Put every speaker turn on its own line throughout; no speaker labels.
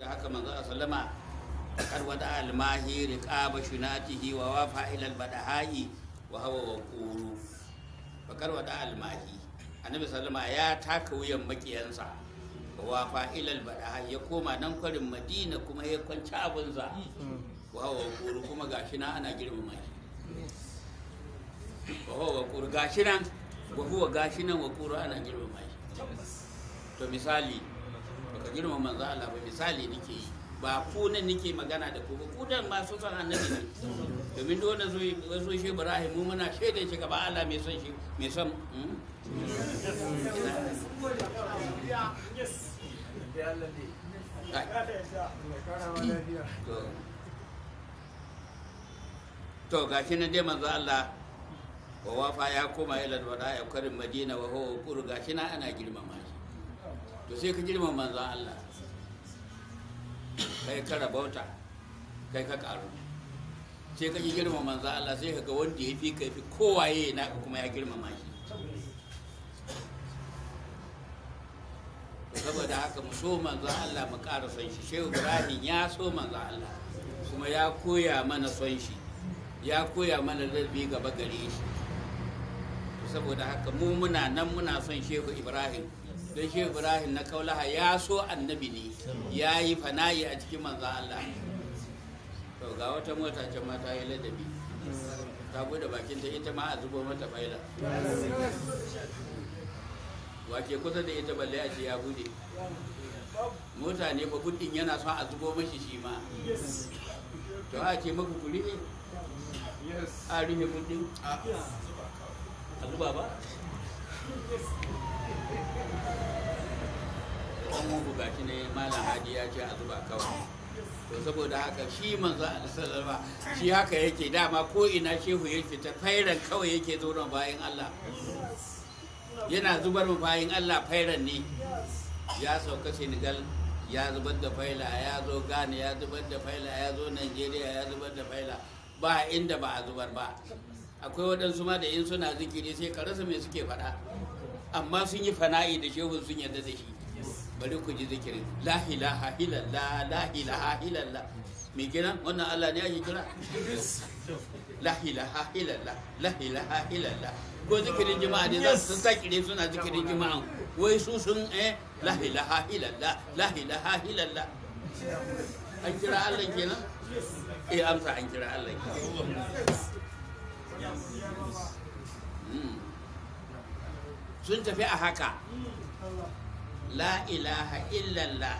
da haka manzo sallama kar wada al mahiri qaba shunatihi wa wafa ila albadahi badahai wa hawa wa quru fa kar wada almahi annabi sallama ya taka wuyan makiyansa wa wafa ila albadahi badahai ya koma nan kwarin madina kuma ya kwanci abunsa wa hawa wa quru kuma gashi na ana girmama mai wa hawa wa quru gashi nan wa huwa gashi nan wa quru ana girman mai to misali Ka girma manzo Allah ba misali nake yi ba ku nan nake magana da ku ba ku dan masu san annabi ne domin duk wanda zo zo shi Ibrahim mu muna shede shi gaba Allah mai son shi mai son hmm? to gashi nan dai manzo Allah wa wafa ya koma ila wada ya karin madina wa huwa kur gashi na ana girmama shi to sai ka girma manzan Allah kai ka rabauta kai ka karu sai ka ji girma manzan Allah sai ka ga wanda ya fi ka fi kowaye na kuma ya girma ma shi saboda haka mu so manzan Allah mu ƙara son shi shehu ibrahim ya so manzan Allah kuma ya koya mana son shi ya koya mana zarbi gaba gare shi saboda haka mu muna nan muna son shehu ibrahim da shi ibrahim na kaulaha ya so annabi ne ya yi fana'i a cikin manzan allah to ga wata mota ce ma ta yi ladabi ta bude bakinta ita ma a zubo mata baila wake kusa da ita balle a ce ya bude mota ne ba kudin yana son a zubo mashi shi ma to a ce maka kuri ne a rufe kudin a zuba ba an muku shi ne malam Haji ya ce a zuba kawai to saboda haka shi manzo alisalama shi haka yake dama ko ina shehu ya fita fairan kawai yake zauna bayan allah yana zubar mu bayan allah fairan ne ya sauka senegal ya zubar da faila ya zo ghana ya zubar da faila ya zo nigeria ya zubar da faila ba inda ba a zubar ba akwai waɗansu ma da in suna zikiri sai ka rasa me suke faɗa amma sun yi fana'i da shehun sun yarda da shi bari ku ji zikirin la ilaha illallah la ilaha illallah me kenan wannan Allah ne yi kira la ilaha illallah la ilaha illallah ko zikirin jima'a ne za su sakire suna zikirin jima'a. wai su sun eh la ilaha illallah la ilaha illallah an kira Allah kenan eh amsa an kira Allah kenan sun tafi a haka la ilaha illallah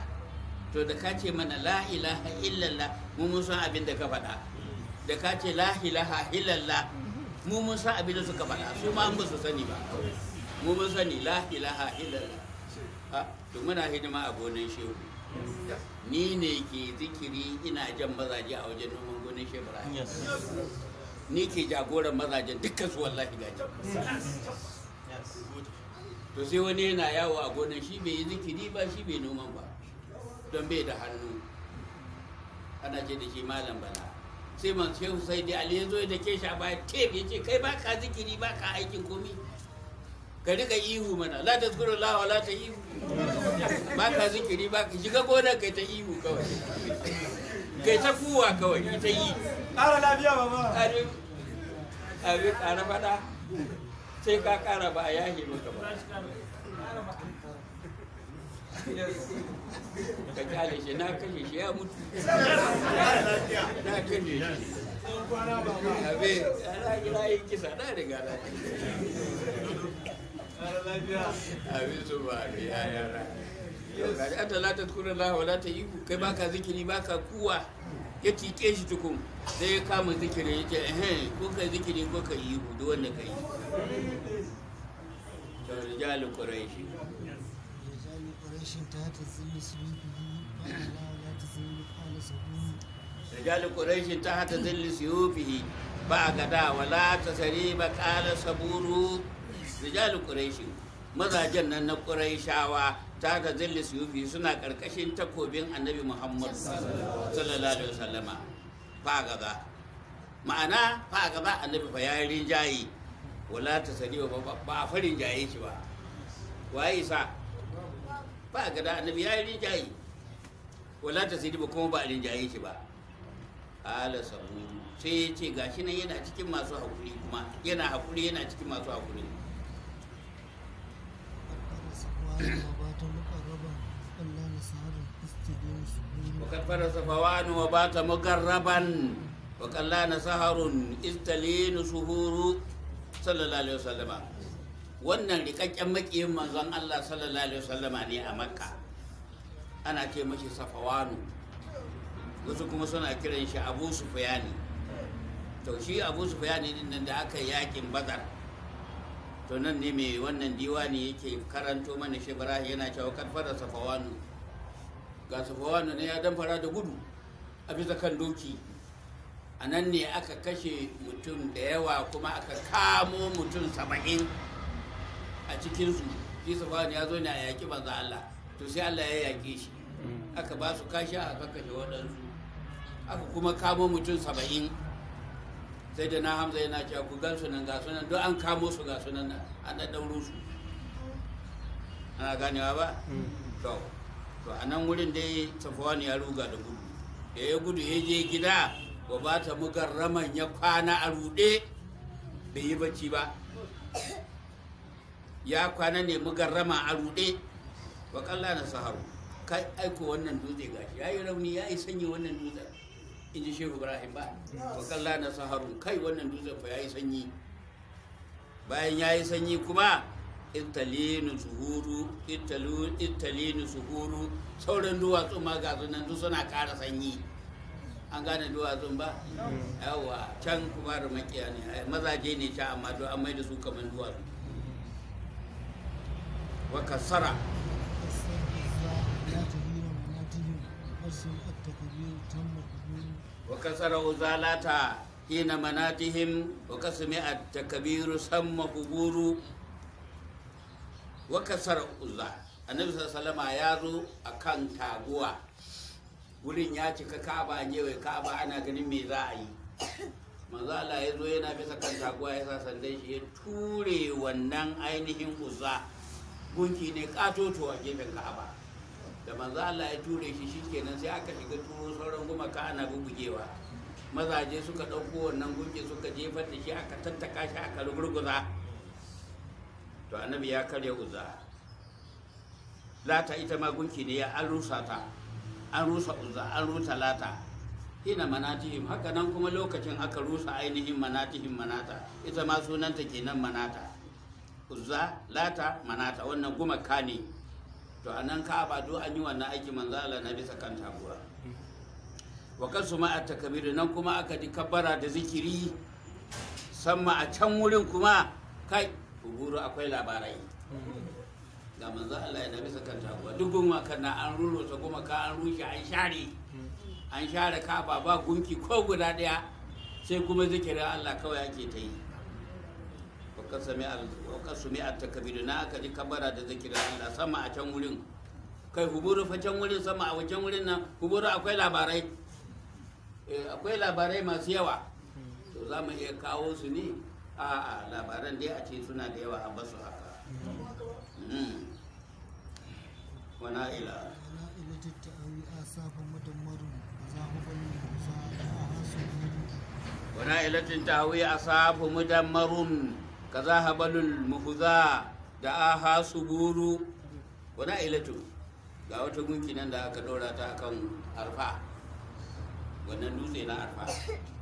to da ka ce mana la ilaha illallah mu mun san abin da ka faɗa da ka ce la ilaha illallah mu mun san abin da suka faɗa su ma an ba su sani ba mu mun sani la ilaha illallah to muna hidima a gonan shehu ni ne ke zikiri ina jan mazaje a wajen noman gonan shehu ni ke jagoran mazajen dukkan su wallahi gaji to sai wani yana yawo a gonan shi bai yi zikiri ba shi bai noman ba don bai da hannu ana ce da shi malam bala sai man sai husai da ali yanzu da ke sha baya tebe ce kai ba ka zikiri ba ka aikin komi ka rika ihu mana la tazkuru la la ta ihu ba ka zikiri ba ka shiga gonar kai ta ihu kawai kai ta kuwa kawai ta yi ƙara lafiya ba ba abin ƙara faɗa sai ka kara ba a yahi maka ba ka kyale shi na kashe shi ya mutu na kashe shi abe ana gina kisa na riga na su ba ya ta yi kai baka zikini baka kuwa ya tike shi tukun sai ya kama zikirin ya ce ehem ko ka zikiri ko ka yi hudu wanda ka yi da rijalu quraishi
rijalu quraishi ta tazillu suyubihi wa la la tazillu qala sabuni
rijalu quraishi ta hata zillu suyubihi ba gada wa la tasriba qala mazajen nan na quraishawa ta ga su suyufi suna karkashin takobin annabi muhammad sallallahu alaihi wasallama fa gaba ma'ana fa gaba annabi fa ya rinjaye wala ta sani ba ba farin jaye shi ba waye sa fa gaba annabi ya rinjaye wala ta sani ba kuma ba rinjaye shi ba ala sabu sai ya ce gashi nan yana cikin masu haƙuri kuma yana haƙuri yana cikin masu haƙuri
وقد bata فوان وبات na وقلان سهر
استلين سهور صلى الله عليه وسلم wannan rikakken makiyin manzon Allah sallallahu alaihi wasallama ne a makka ana ce mashi wasu kuma suna kiran shi abu sufyani to shi abu sufyani din nan da aka yakin bazar to nan ne mai wannan diwani yake karanto mana shi yana cewa karfara safawanu ga safawanu ne ya damfara da gudu a bisa kan doki a nan ne aka kashe mutum da yawa kuma aka kamo mutum saba'in a cikinsu shi ne ya zo ne a yaƙi manzo Allah to sai Allah ya yaƙe shi aka ba su kashi aka kashe waɗansu aka kuma kamo mutum saba'in sai da na hamza yana cewa ku gan nan ga sunan don an kamo su ga sunan nan an ɗaɗɗauro su ana ganewa ba? Hmm. to to a nan wurin dai safwan ya ruga da gudu da ya gudu ya je gida wa ba ta mugarraman ya kwana a ruɗe bai yi bacci ba ya kwana ne mugarrama a ruɗe wa kalla na saharu kai aiko wannan dutse gashi ya yi rauni ya yi sanyi wannan dutsen in ji shehu ibrahim ba wa kalla na saharu kai wannan dutsen fa ya yi sanyi bayan ya yi sanyi kuma ittalinu zuhuru ittalinu zuhuru sauran duwatsu ma ga sunan duk suna kara sanyi an gane duwatsun ba yawa can kuma makiya ne mazaje ne ta amma duk an mai da su kamar duwatsu wa kasara wa kasara uzalata hina manatihim wa kasmi at-takbiru samma kuburu wakasar kasar uzza annabi sallama ya zo a kan taguwa wurin ya cika ka'aba a yawai ka'aba ana ganin me za a yi manzo Allah ya zo yana bisa kan taguwa ya sa sandan shi ya ture wannan ainihin uzza gunki ne katoto a gefen ka'aba da manzo Allah ya ture shi shikenan sai aka shiga turo sauran gumaka ana bubugewa mazaje suka ɗauko wannan gunki suka jefar da shi aka tattaka shi aka rugurguza to annabi ya karya uzza lata ita ma gunki ne ya an rusa ta an rusa uzza an rusa lata hina manatihim haka nan kuma lokacin aka rusa ainihin manatihim manata ita ma sunanta kenan manata uzza lata manata wannan ka ne to anan ba do an yi wannan aiki manzala na bisa kan tabuwa? wa kansu ma at takbir nan kuma aka ji kabbara da zikiri samma a can wurin kuma kai huburu akwai labarai ga manzo Allah ya yana bisa kan taguwa duk gunwa na an ta rurrota ka an rushe an share an share ka ba gunki ko guda daya sai kuma zikirin Allah kawai ake ta yi al sumi a takabiru na aka ji kabara da zikirin Allah sama a can wurin kai huburu fa can wurin sama a wajen wurin nan huburu akwai labarai eh, akwai labarai masu yawa to za mu iya kawo su ne a'a labaran dai a ce suna da yawa a basu haka hmm. wana ila wana ila
tattawi a safan madammarin za bani za a hasu
wana ila a ka za ha balul muhuza da a hasu buru wana ilatu ga wata gunki nan da aka dora ta kan arfa wannan dutse na arfa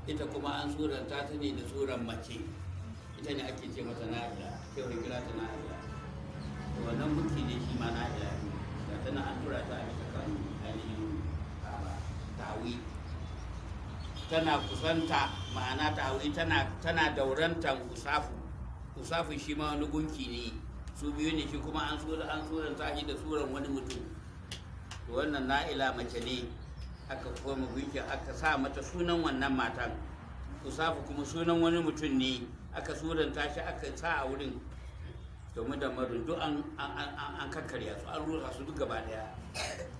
ita kuma an suranta ta ne da suran mace ita ne ake ce mata na'ila ke wani kira ta na'ila to wannan mulki ne shi ma na'ila ne ga ta na an tura ta a bisa kan ainihin tawi tana kusanta ma'ana tawi tana tana daurantan usafu usafu shi ma wani gunki ne su biyu ne shi kuma an tsoron an tsoron ta shi da tsoron wani mutum to wannan na'ila mace ne aka koma gunki aka sa mata sunan wannan matan usafu kuma sunan wani mutum ne aka suranta shi aka sa a wurin domin da marin duk an kakkarya su an rusa su duk gaba daya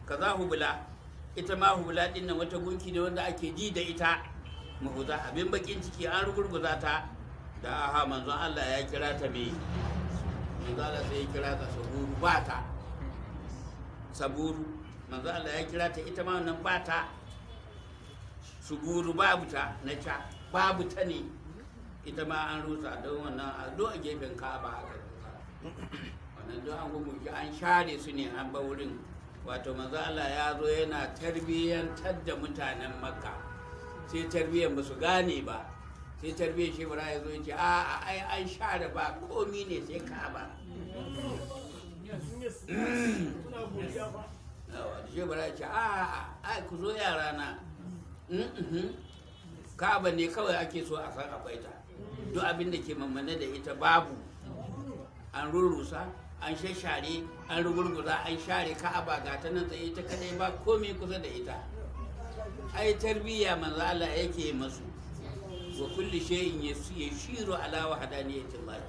za hubula ita ma hubula din nan wata gunki ne wanda ake ji da ita mahuza abin bakin ciki an rugurguza ta da aha manzon Allah ya kira ta me manzon Allah sai ya kira ta saburu ba ta saburu manzon Allah ya kira ta ita ma wannan ba ta suburu babu ta na ta babu ta ne ita ma an rusa don wannan a duk a gefen a aka rusa wannan duk an gumushi an share su ne an ba wurin wato manzo Allah ya zo yana tarbiyyantar da mutanen makka sai tarbiyyar ba su gane ba sai tarbiyyar shi bara ya zo ya ce a ai an share ba komi ne sai kaba. shi bara ya ce a ai ku zo yara na mm-hmm. ka'aba ne kawai ake so a san akwai ta duk abin da ke mamane da ita babu an rurrusa an shashare an rugurguza an share ka'aba ga ta nan tsaye ta kadai ba komai kusa da ita ai tarbiyya manzo Allah yake masu wa kulli shay'in yashiru ala wahdaniyati Allah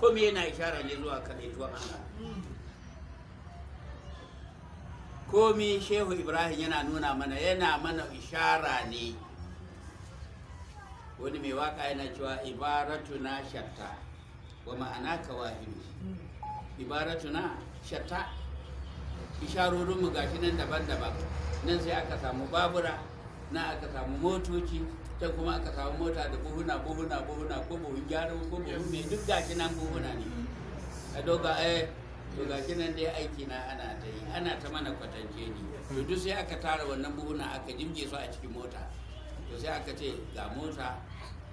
komai yana ishara ne zuwa zuwa Allah komai shehu Ibrahim yana nuna mana yana mana ishara ne wani mai waka yana cewa na shatta wa ma'ana Ibaratu na shatta mu gashi nan daban-daban nan sai aka samu babura na aka samu motoci can kuma aka samu mota da buhuna buhuna buhuna ko buhun gyara ko buhun mai duk gashi nan buhuna ne a doga eh to gashi nan dai aiki na ana ta yi ana ta mana kwatance ne to duk sai aka tara wannan buhuna aka jimje su a cikin mota to sai aka ce ga mota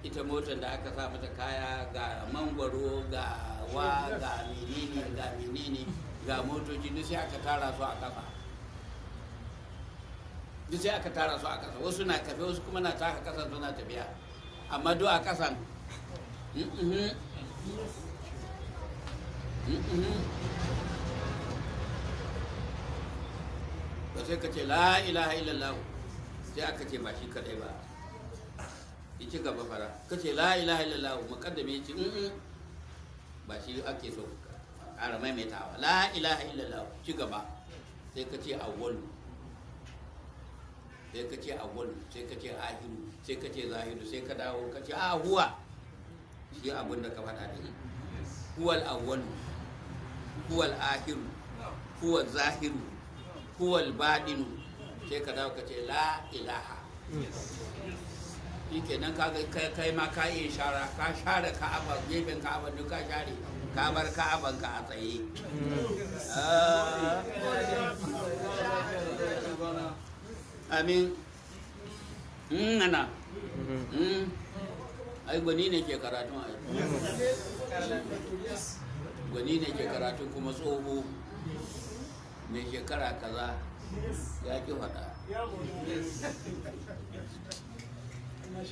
ita motar da aka sa mata kaya ga mangwaro ga wa ga menene ga menene ga motoci duk sai aka tara su a kafa duk sai aka tara su a kasa wasu na kafe wasu kuma na taka kasan suna tafiya amma duk a kasan ba mm, mm-hmm. mm, mm-hmm. sai ka ce la ilaha illallah sai aka ce ba shi kadai ba ya ci gaba fara ka ce la ilaha illallah muqaddami ya ce ba shi ake so ƙara maimaitawa la ilaha illallah ci gaba sai ka ce awwalu sai ka ce awwalu sai ka ce ahiru sai ka ce zahiru sai ka dawo ka ce a ah, huwa shi abin da ka faɗa da huwal awwalu huwal ahiru huwal zahiru huwal baɗinu sai ka dawo ka ce la ilaha shi kenan kai ma ka iya shara ka share ka'aba gefen ka'aba duk ka share ka bar ka'aban ka a tsaye ah. amin hmm, na hmm. ai gwani ne ke karatun ai gwani ne ke karatun kuma tsoho mai shekara kaza ya ki faɗa Kulil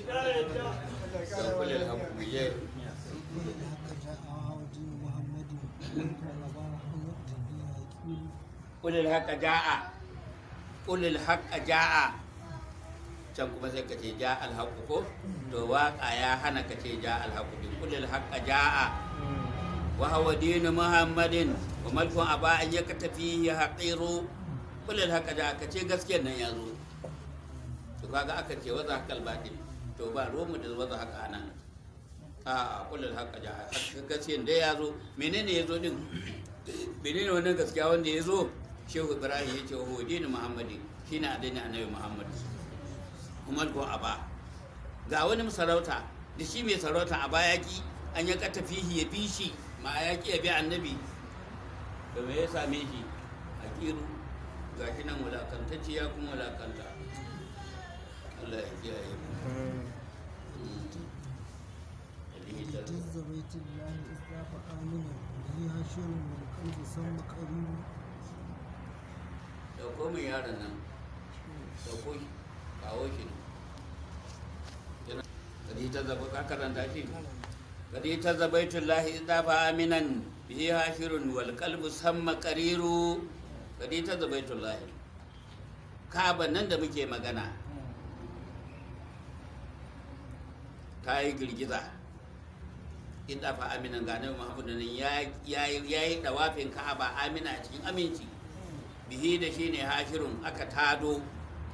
haƙa ja'a, الحق جاء ja'a, can kuma sai ka ce ja alhaku ko to waka ya hana ka ce ja alhaku kulil haƙa jaa wa hawa dinu muhammadin wa malkun ya ka tafi ya haƙiru kulil haƙa jaa ka ce gaskiyar nan ya zo to kaga aka ce wa zakal batil to ba mu da wata haka nan a kullum haka ja gaskiyan da ya zo menene ya zo din menene wannan gaskiya wanda ya zo shehu ibrahim ya ce wa hodini muhammadi shine adini annabi muhammad kuma ko aba ga wani sarauta da shi mai sarauta a bayaki an ya kata fihi ya fishi ma yaki ya bi annabi to me ya same shi a kiru ga shi nan wulakantacciya kuma wulakanta Allah ya kiyaye mu hmm. جز بيت الله إذا فآمنا به هاشر من القلب ثم قريب dauko min yaron nan dauko kadi ta zaba ka karanta shi kadi ta zabaitul lahi idza fa aminan bihi hashirun wal qalbu samma Kariru. kadi ta zabaitul lahi kaba nan da muke magana ta yi girgiza in dafa amina ga annabi muhammadu nan ya yi dawafin ka'aba amina a cikin aminci bihi da shi ne hashirun aka tado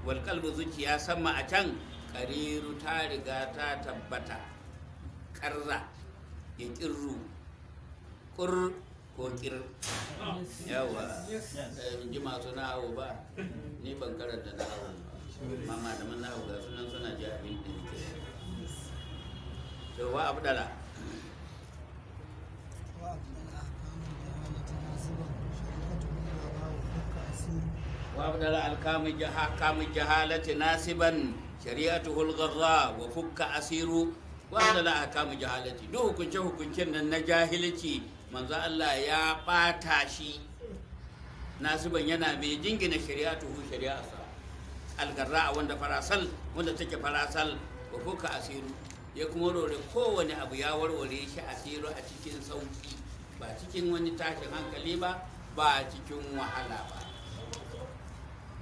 wal kalbu zuciya sama a can kariru ta riga ta tabbata karza ya kirru kur ko kir yawa eh, in ji masu nawo ba ni ban karanta nawo mama da man nawo ga sunan suna ji abin da nake to wa abdala وابدل الكام كام الجهالة ناسبا شريعته الغراء وفك أسيره وابدل الكام جهالة دو كنشه كنشن النجاهلة من ذا الله يا باتاشي ناسبا ينا بيجنجن شريعته شريعة الغراء وند فراسل وند تك فراسل وفك أسيره يكمرو لكوان أبو ياور وليش أسير أتكين صوتي ba cikin wani tashin hankali ba ba cikin wahala ba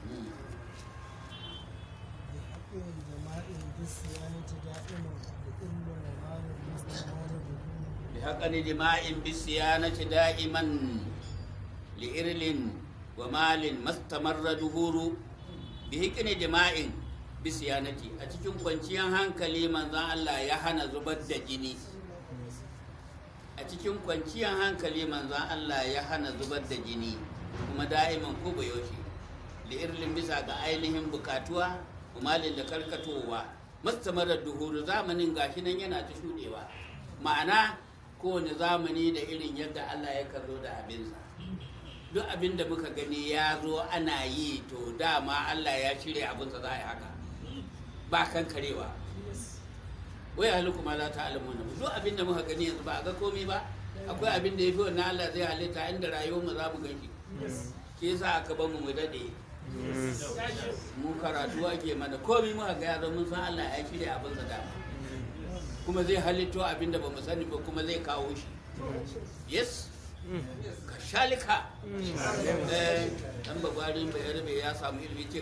hmm. haka ne dima'in bisu ya nace da'iman li'irlin wa malin mastamar da duhuru ne dima'in bisu ya nace a cikin kwanciyar hankali manzan Allah ya hana zubar da jini a cikin kwanciyar hankali manzon Allah ya hana zubar da jini kuma da'iman ko ba li'irlin bisa ga ainihin bukatuwa umalin da karkatowa mastamarar duhuru zamanin gashi nan yana ta shuɗewa ma'ana kowane zamani da irin yadda Allah ya karzo da abinsa duk abin da muka gani ya zo ana yi to dama Allah ya shirya abinsa za a yi haka ba kankarewa. wai haliku ma la ta'lamuna duk abin da muka gani yanzu ba a ga komai ba akwai abin da yafi wannan Allah zai halitta inda rayuwar mu za mu gani shi yasa aka ba mu dade mu karatu ake mana komai muka ga yanzu mun san Allah ya shirya abin da dama kuma zai halitto abin da ba mu sani ba kuma zai kawo shi yes kashalika eh, dan ya samu ilimi ce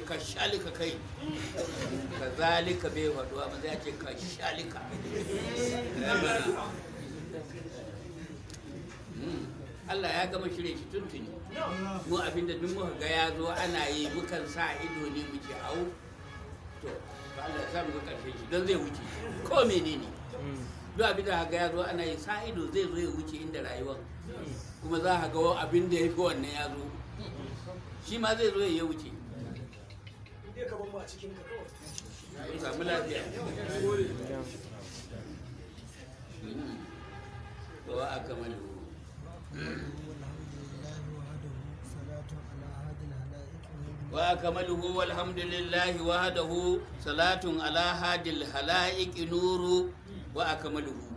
hmm. Allah ya gama shirye shi tuntuni mu abinda duk muka ga ya zo ana yi mukan sa ido ne muke au to Allah ya samu ga shi don zai wuce ko menene hmm. duk abin da ga ya zo ana yi sa ido zai zo ya wuce inda rayuwar kuma za a ga abin da ya fi wannan ya zo shi ma zai zo ya wuce wa akamaluhu walhamdulillahi وأكمله والحمد ala hadil صلاة nuru wa akamaluhu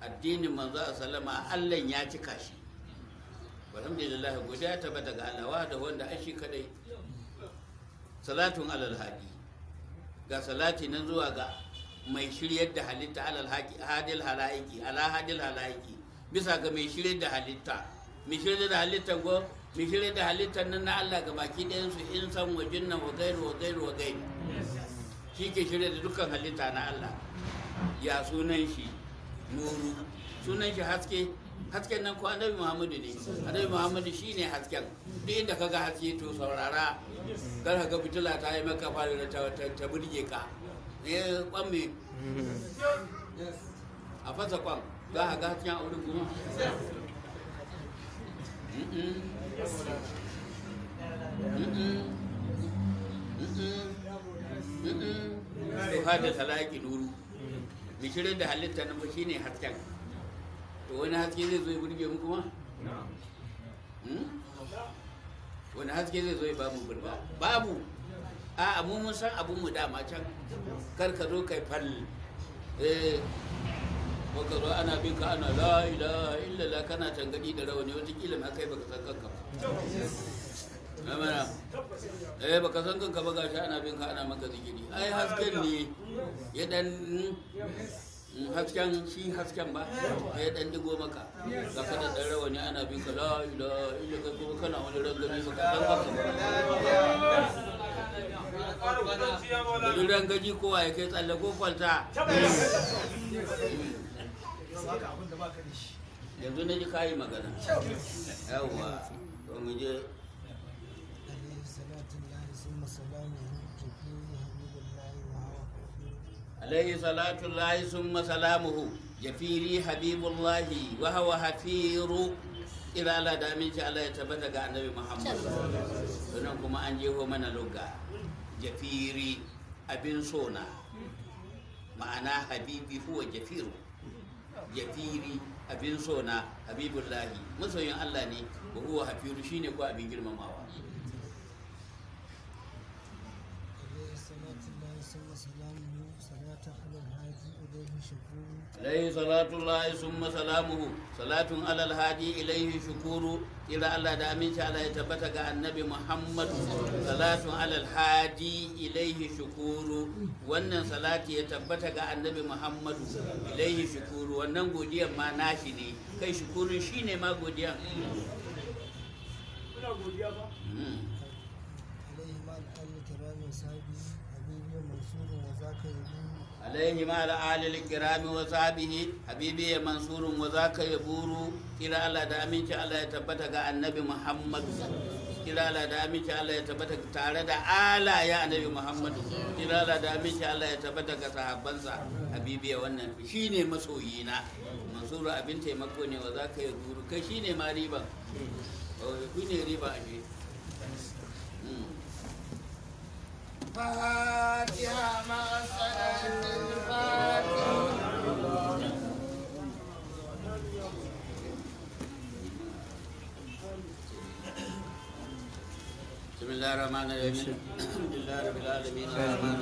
addinin manzo a salama allan ya cika shi alhamdulillah guda ta bata daga alawa da wanda an shi kadai salatun alal ga salati nan zuwa ga mai shiryar da halitta alal hadil halaiki ala hadil halaiki bisa ga mai shiryar da halitta mai shiryar da halitta go mai shiryar da halitta nan na Allah ga baki ɗayan su in san wajin nan wa gairu wa gairu wa gairu shi ke shirya da dukkan halitta na Allah ya sunan shi nuru sunan shi haske hasken nan ko annabi muhammadu ne annabi muhammadu shine hasken duk inda kaga haske to saurara kar ka fitila ta yi maka fara da ta burge ka ne eh, kwan mai a fasa kwan za ka ga hasken a wurin kuma Duha da talaki nuru bishirin da halitta na fashi ne hasken to wani haske zai zo ya burge mu kuma hmm? wani haske zai zo ya babu burba babu a abu mun san abu mu dama can kar ka zo kai fal eh baka zo ana bin ka ana la ilaha illallah kana tangadi da rawani wata kila ma kai baka san kanka ba amana eh baka san kanka ba gashi ana bin ka ana maka zikiri ai hasken ne ya dan mm, hasken shi hasken ba ya dan digo maka ga ka da dan rawani ana bin ka la ilaha illa kai kuma kana wani rangami baka
san
kanka ba rangaji kowa ya kai tsalle ko kwalta yanzu na ji kayi magana yawwa ba, mu je عليه صلاة الله ثم سلامه يفيري حبيب الله وهو حفير ila da aminci Allah ya tabbata ga annabi Muhammad Sunan kuma an jeho mana lugga jafiri abin sona ma'ana habibi huwa jafiru jafiri abin sona habibullahi masoyin Allah ne wa huwa hafiru shine ko abin girmamawa
alaihi salatu lahi summa salamuhu
salatun alal hadi ilaihi shukuru ila Allah da aminci Allah ya tabbata ga annabi Muhammad salatun alal hadi ilaihi shukuru wannan salati ya tabbata ga annabi Muhammadu ilaihi shukuru wannan godiyan ma nashi ne kai shukurun shine ma godiyan
حبيبي منصور وذاك يبور
عليه مع الآل الكرام وصحبه حبيبي منصور وذاك يبور كلا الله دامين الله يتبتك النبي محمد kira Allah da aminci Allah ya tabbata tare da Muhammadu kira Allah da aminci Allah ya tabbata ga sahabbansa habibiya wannan shine masoyi na abin taimako ne wa zaka yi ruru kai shine ma riba a
الفاتحة مع صلاة الفاتحة
بسم الله الرحمن الرحيم الحمد لله رب العالمين الرحمن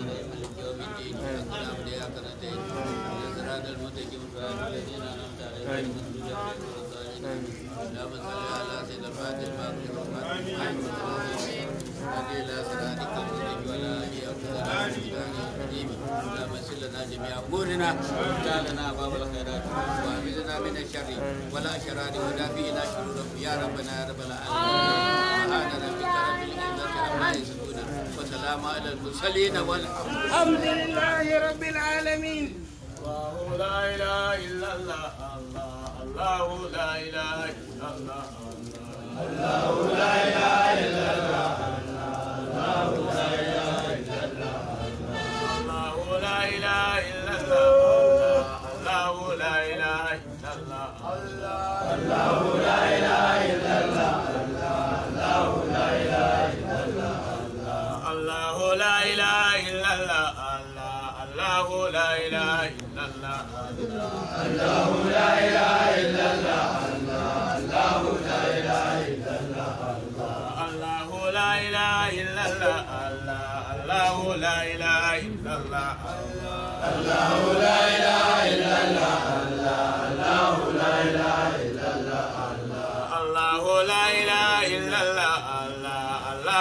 الرحيم مالك يوم الدين والسلام عليك الدين الصراط المستقيم صراط الذين انعمت عليهم غير المغضوب عليهم اللهم صل على سيدنا الفاتح المغفور الرحمن الرحيم الذي لا صراط المستقيم مسلنا امورنا تعالنا باب الخيرات وامزنا من الشر ولا اشرار ودافئنا شرورهم يا ربنا يا رب العالمين وسلام على المرسلين والحمد لله رب العالمين الله لا اله
الا الله الله الله لا اله الا الله الله لا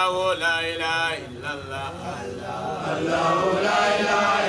Allahu la ilaha illallah. Allahu la ilaha